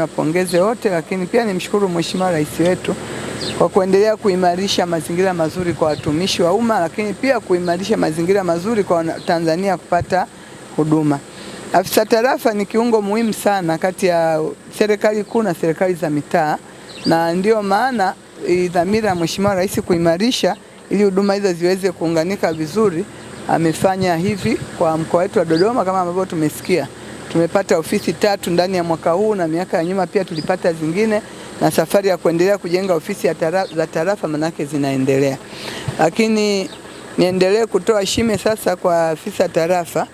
Wapongeze wote, lakini pia nimshukuru Mheshimiwa Rais wetu kwa kuendelea kuimarisha mazingira mazuri kwa watumishi wa umma, lakini pia kuimarisha mazingira mazuri kwa Tanzania kupata huduma. Afisa tarafa ni kiungo muhimu sana kati ya serikali kuu na serikali za mitaa, na ndiyo maana dhamira Mheshimiwa Rais kuimarisha ili huduma hizo ziweze kuunganika vizuri, amefanya hivi kwa mkoa wetu wa Dodoma kama ambavyo tumesikia. Tumepata ofisi tatu ndani ya mwaka huu na miaka ya nyuma pia tulipata zingine, na safari ya kuendelea kujenga ofisi ya tara, za tarafa, manake zinaendelea. Lakini niendelee kutoa shime sasa kwa afisa tarafa.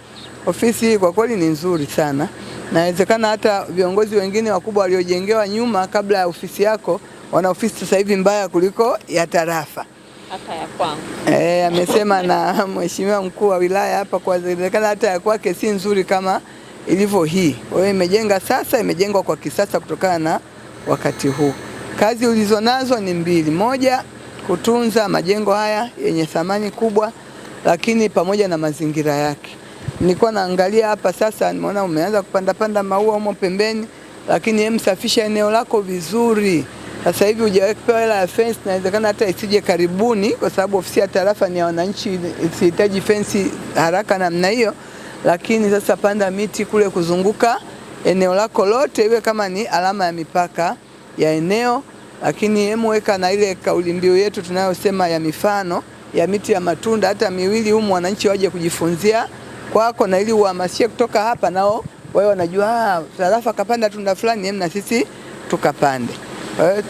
Ofisi hii kwa kweli ni nzuri sana, nawezekana hata viongozi wengine wakubwa waliojengewa nyuma kabla ya ofisi yako wana ofisi sasa hivi mbaya kuliko ya tarafa hata ya kwangu. Eh, amesema na mheshimiwa mkuu wa wilaya hapa, kwa inawezekana hata ya kwake si nzuri kama ilivyo hii. Kwa hiyo imejenga sasa, imejengwa kwa kisasa kutokana na wakati huu. Kazi ulizonazo ni mbili, moja kutunza majengo haya yenye thamani kubwa, lakini pamoja na mazingira yake. Nilikuwa naangalia hapa sasa, nimeona umeanza kupanda panda maua humo pembeni, lakini hem, safisha eneo lako vizuri. Sasa hivi hujawekewa hela ya fence, inawezekana hata isije karibuni, kwa sababu ofisi ya tarafa ni ya wananchi, isihitaji fence haraka namna hiyo lakini sasa panda miti kule kuzunguka eneo lako lote, iwe kama ni alama ya mipaka ya eneo, lakini weka na ile kauli mbiu yetu tunayosema ya mifano ya miti ya matunda hata miwili humu, wananchi waje kujifunzia kwako, na ili uhamasishe kutoka hapa, nao wao wanajua tarafa ah, kapanda tunda fulani, na sisi tukapande. Kwa hiyo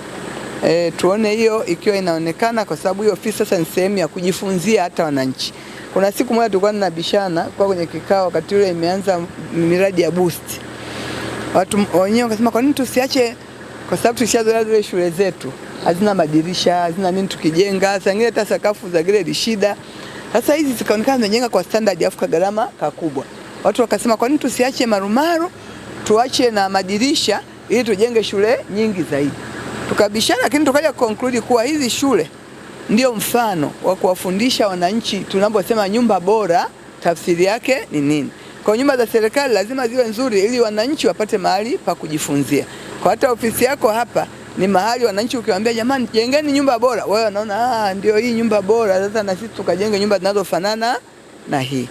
e, tuone hiyo ikiwa inaonekana, kwa sababu hiyo ofisi sasa ni sehemu ya kujifunzia hata wananchi. Kuna siku moja tulikuwa tunabishana kwa kwenye kikao, wakati ule imeanza miradi ya boost, watu wenyewe wakasema kwa nini tusiache, kwa sababu tulishazoea zile shule zetu hazina madirisha hazina nini, tukijenga saa ingine hata sakafu za gredi shida. Sasa hizi zikaonekana zimejenga kwa standard, afu gharama kakubwa. Watu wakasema kwa nini tusiache marumaru tuache na madirisha ili tujenge shule nyingi zaidi. Tukabishana, lakini tukaja conclude kuwa hizi shule ndio mfano wa kuwafundisha wananchi. Tunaposema nyumba bora, tafsiri yake ni nini? Kwa nyumba za serikali lazima ziwe nzuri, ili wananchi wapate mahali pa kujifunzia. Kwa hata ofisi yako hapa ni mahali wananchi, ukiwaambia jamani, jengeni nyumba bora, wao wanaona ah, ndio hii nyumba bora, sasa na sisi tukajenge nyumba zinazofanana na hii.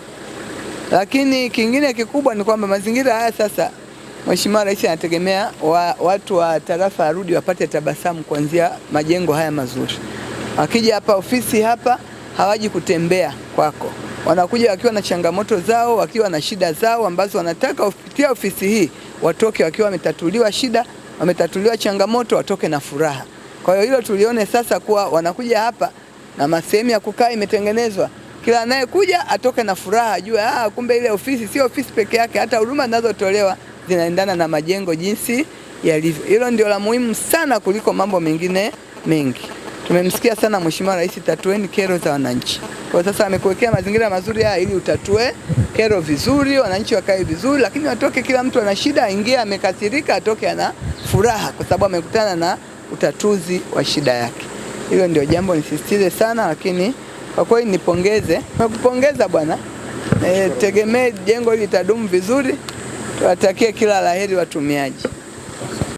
Lakini kingine kikubwa ni kwamba mazingira haya sasa, Mheshimiwa Rais anategemea wa, watu wa tarafa arudi wapate tabasamu kuanzia majengo haya mazuri. Wakija hapa ofisi hapa hawaji kutembea kwako, wanakuja wakiwa na changamoto zao, wakiwa na shida zao ambazo wanataka kupitia ofisi hii watoke wakiwa wametatuliwa shida, wametatuliwa changamoto, watoke na furaha. Kwa hiyo hilo tulione sasa kuwa wanakuja hapa na masehemu ya kukaa imetengenezwa, kila anayekuja atoke na furaha, ajue ah, kumbe ile ofisi sio ofisi peke yake, hata huduma zinazotolewa zinaendana na majengo jinsi yalivyo. Hilo ndio la muhimu sana kuliko mambo mengine mengi. Tumemsikia sana Mheshimiwa Rais, tatueni kero za wananchi. Kwa sasa amekuwekea mazingira mazuri haya ili utatue kero vizuri, wananchi wakae vizuri, lakini watoke kila mtu ana shida, aingie amekasirika, atoke ana furaha, kwa sababu amekutana na utatuzi wa shida yake. Hilo ndio jambo nisisitize sana, lakini kwa kweli nipongeze, nakupongeza bwana e, tegemee jengo hili litadumu vizuri. Tuwatakie kila laheri watumiaji.